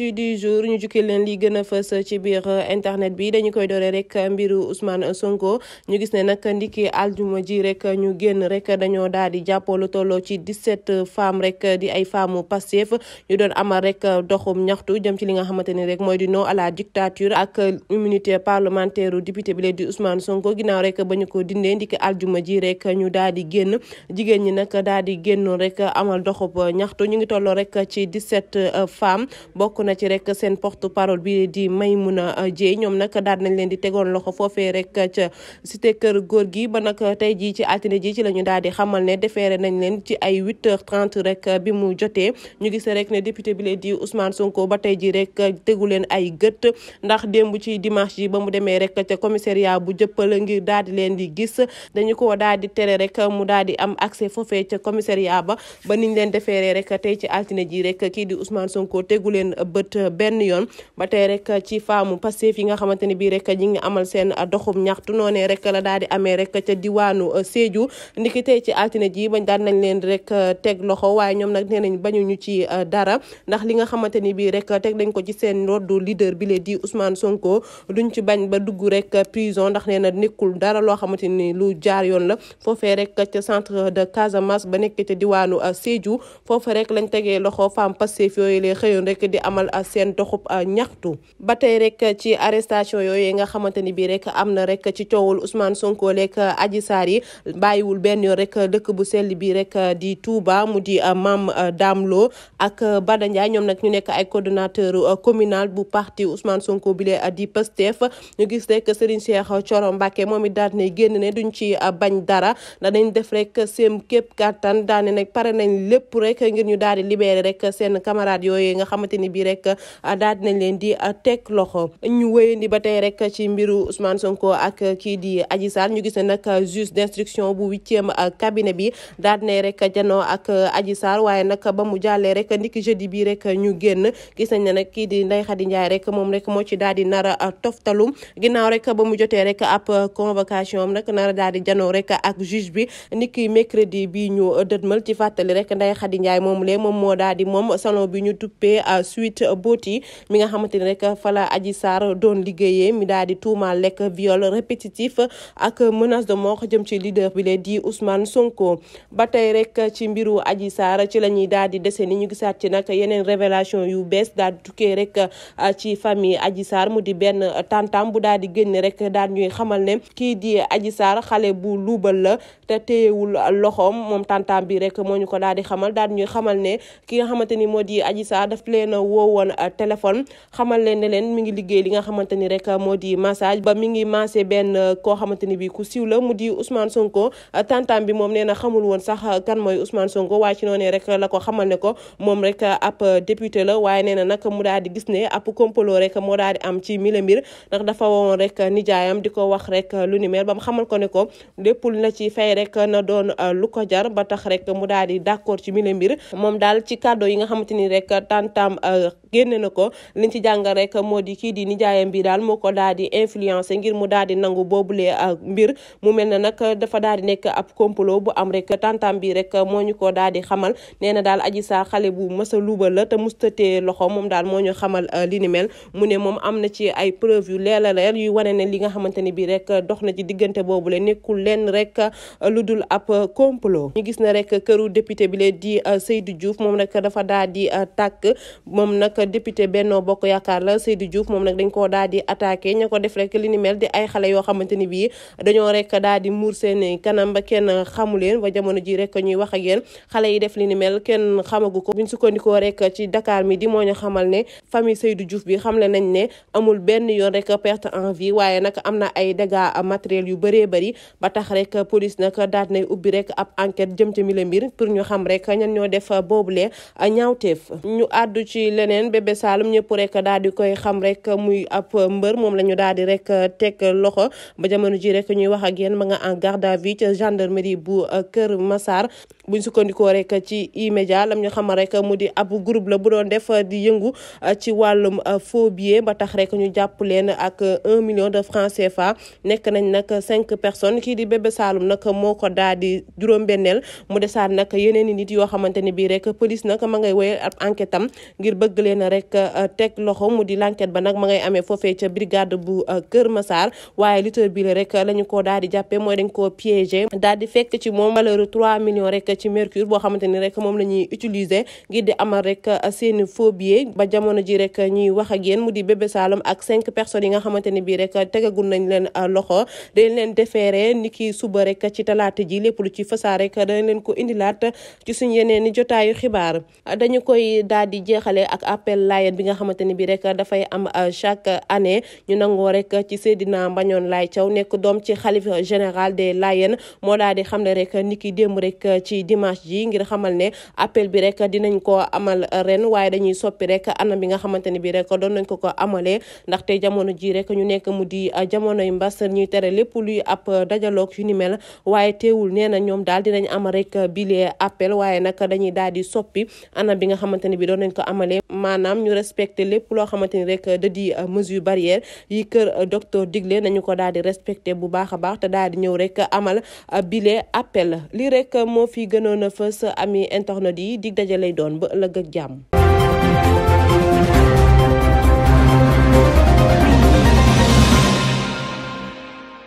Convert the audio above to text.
actu du jour ñu jukki leen li gën a fës ci biir euh, internet bi dañu koy dooree rek mbiru Ousmane Sonko ñu gis ne nag ndiki aljuma ji rek ñu génn rek dañoo daal di jàppoo lu tolloo ci 17 femmes rek di ay femmes Pastef ñu doon amal rek doxum ñaxtu jëm ci li nga xamante ni rek mooy di non à la ak immunité parlementaire u bi lee di Ousmane Sonko ginnaaw rek ba ñu ko dindee ndiki aljuma ji rek ñu daal di génn jigéen ñi nag daal di génnoon rek amal doxub ñaxtu ñu ngi tolloo rek ci 17 set euh, bokk na na ci rek seen porte parole bi di Maimouna Dieye ñoom nag daal nañ leen di tegoon loxo foofee rek ca cité kër góor gi ba nag tey jii ci altine ji ci la ñu daal di xamal ne defeere nañ leen ci ay 8 h rek bi mu jotee ñu gis rek ne député bi lee di Ousmane Sonko ba tey ji rek tegu leen ay gët ndax démb ci dimanche ji ba mu demee rek ca commissariat bu jëppal ngir daal di leen di gis dañu ko daal di tere rek mu daal di am accès foofee ca commissariat ba ba bët euh, benn yoon ba tey rek euh, ci faamu Pastef yi nga xamante ni bii rek ñi ngi amal seen euh, doxum ñaxtu noonee rek la daal di amee rek ca diwaanu Sédhiou ndiki tey ci altine ji bañ daan nañ leen rek teg loxo waaye ñoom nag nee nañ bañu ñu ci dara ndax li nga xamante ni bii rek teg nañ ko ci seen roddu leader bi lee di Ousmane Sonko duñ ci bañ ba dugg rek prison ndax nee na nekkul dara loo xamante ni lu jaar yoon la foofee rek ca centre de Casamance ba nekk diwaanu Sédhiou foofu rek loxo femme Pastef yooyu lee xëyoon rek di amal amal ah, seen doxub ah, ñaxtu ba tey rek ci arrestation yooyu nga xamante ni bii rek am na rek ci coowul Ousmane Sonko lekk ah, Adji Sarr yi bàyyiwul benn yoon rek dëkk bu sell bi rek di Touba mu di Mame Dame Lo ak Bada Ndiaye ñoom nag ñu nekk ay coordonnateur communal bu parti Ousmane Sonko bile di Pastef ñu gis rek Serigne Cheikh Thioro mbake moom i daal ne génn ne duñ ci bañ dara danañ def rek seen képp kàttan daane pare nañ lépp rek ngir ñu daal di libérer rek rek ah, daal dinañ leen di ah, teg loxo ñu wéyandi ba tey rek ci mbiru Ousmane Sonko ak kii di Adji Sarr ñu gis ne nag juge d'instruction bu huitième ah, cabinet bi daal dinañ rek janoo ak Adji Sarr waaye nag ba mu jàllee rek niki jeudi bi rek ñu génn gis nañ ne kii di Ndeye Khady Ndiaye rek moom rek moo ci daal di nar a toftalu ginnaaw rek ba mu jotee rek ab convocation am nag nar a janoo rek ak juge bi niki mercredi bi ñu dëtmal ci fàttali rek Ndeye Khady moom lee moom moo daal moom salon bi ñu tuppee suite Sweet Beauty mi nga xamante ni rek fala Adji Sarr doon liggéeyee mi daal di tuumaal lekk viol répétitif ak menace de mort jëm ci leader bi lee di Ousmane Sonko ba tey rek ci mbiru Adji Sarr ci la ñuy daal di dese ni ñu gisaat ci nag yeneen révélation yu bees daal di tukkee rek ah, ci famille Adji saar mu di benn tantam bu daal di génne rek daal ñuy xamal ne kii di Adji Sarr xale bu luubal la te téyewul loxoom moom tantam bi rek moo ñu ko daal xamal daal ñuy xamal ne ki nga woon euh, téléphone xamal leen ne leen mi ngi liggéey li nga xamante ni rek moo di massage ba mi ngi massé benn euh, ko xamante ni bi ku siiw la mu di Ousmane Sonko euh, tantam bi moom nee na xamul woon sax kan mooy Ousmane Sonko waaye ci noonee rek la ko xamal ne ko moom rek ab député la waaye nee na nag mu daal di gis ne ab complot rek moo daal di am ci mille mbir ndax dafa woon rek nijaayam di ko wax rek lu ni ba mu xamal ko ne ko lépp lu na ci fay rek na doon lu ko jar ba tax rek mu daal di d'accord ci mille mbir yi nga xamante ni génne na ko liñ ci jàngal rek moo di kii di nijaayam bi daal moo ko daal di influencé ngir mu daal di boobu lee uh, mbir mu mel ne nag dafa daal di nekk ab complot bu am rek tantam bi rek moo ñu ko daal di xamal nee na daal aji saa xale bu mës a luubal la te mustatee loxo moom daal moo ñu xamal uh, li ni mu ne moom am na ci ay preuve yu leer yu wane ne li nga xamante ni bii rek dox na ci diggante boobu boobule nekkul lenn rek uh, lu dul ab complot ñu gis na rek këru député bi lee di Seydou juuf moom nag dafa daal di tàkk moom nag député Benno Bokk Yaakaar la Seydou Diouf moom nag dañ koo daal di attaqué ña ko def rek li di ay xale yoo xamante ni bii dañoo rek daal di muur seen kanam ba kenn xamu leen ba jamono ji rek ñuy wax ak yéen xale yi def li ni mel xamagu ko buñ sukkandikoo rek ci Dakar mi di moo ñu xamal ne famille Seydou Diouf bi xamle nañ ne amul benn yoon rek perte en vie waaye nag am na ay dégâts matériels yu bëree bëri ba tax rek police nag daal nay ubbi rek ab enquête jëm ci mi mbir pour ñu xam rek ñan ñoo def boobule ñaawteef ñu àddu ci leneen naan bébé Saloum ñëpp rek daal di koy xam rek muy ab mbër moom la ñu daal di rek euh, teg loxo ba jamono ji rek ñuy wax ak yéen ma nga en garde à vue gendarmerie bu euh, Kër Massar buñ sukkandikoo rek ci E-Media lam ñu xamal rek mu di ab groupe la bu doon def di yëngu euh, ci wàllum faux billets ba tax rek ñu jàpp leen ak un million de francs CFA nekk nañ nag cinq personnes kii di bébé Saloum nag moo ko daal di juróom-benneel mu desaat nag yeneen i nit yoo xamante ni bii rek police nag ma ngay wéyal ab enquête am na rek euh, teg loxo mu di l'enquête ba nag ma ngay amee foofee ca brigade bu euh, Kër Massar waaye lutteur bi rek la ko daal di mooy dañ koo piégé daal di fekk ci moom valeur 3 millions rek ci mercure boo xamante ni rek moom la ñuy utiliser ngir di amal rek euh, seeni faux billets ba jamono ji rek ñuy wax ak yéen mu di bébé Saloum ak cinq personnes yi nga xamante ni bii rek tegagul nañ leen loxo dañ leen defeere ni ki suba rek ci talaata ji lépp lu ci fasaa rek dañ leen ko indilaat suñ yeneen ni jotaayu xibaar dañu appel laayeen bi nga xamante ni bi rek dafay am euh, chaque année ñu nangoo rek ci Seydina Mbañoon Laay Thiaw nekk doom ci xalif général des laayeen moo daal di xam ne rek ni ki démb rek ci dimanche ji ngir xamal ne appel bi rek dinañ ko amal ren waaye dañuy soppi rek anam bi nga xamante ni bi rek doon nañ ko ko amalee ndaxte jamono ji rek ñu nekk mu di jamonoy mbas ñuy tere lépp luy ab dajaloog yu ni mel waaye teewul nee na ñoom daal dinañ am rek bile appel waaye nag dañuy daal soppi anam bi nga xamante bi doon nañ ko amalee maanaam ñu respecté lépp loo xamante ni rek da di euh, mesure barrière yi kër euh, docteur digle nañu ko daal di respecté bu baax a baax te daal di ñëw rek amal euh, bile appel lii rek moo fi gënoon a fës ami internet yi di dajale lay doon ba ëllëg ak jàmm.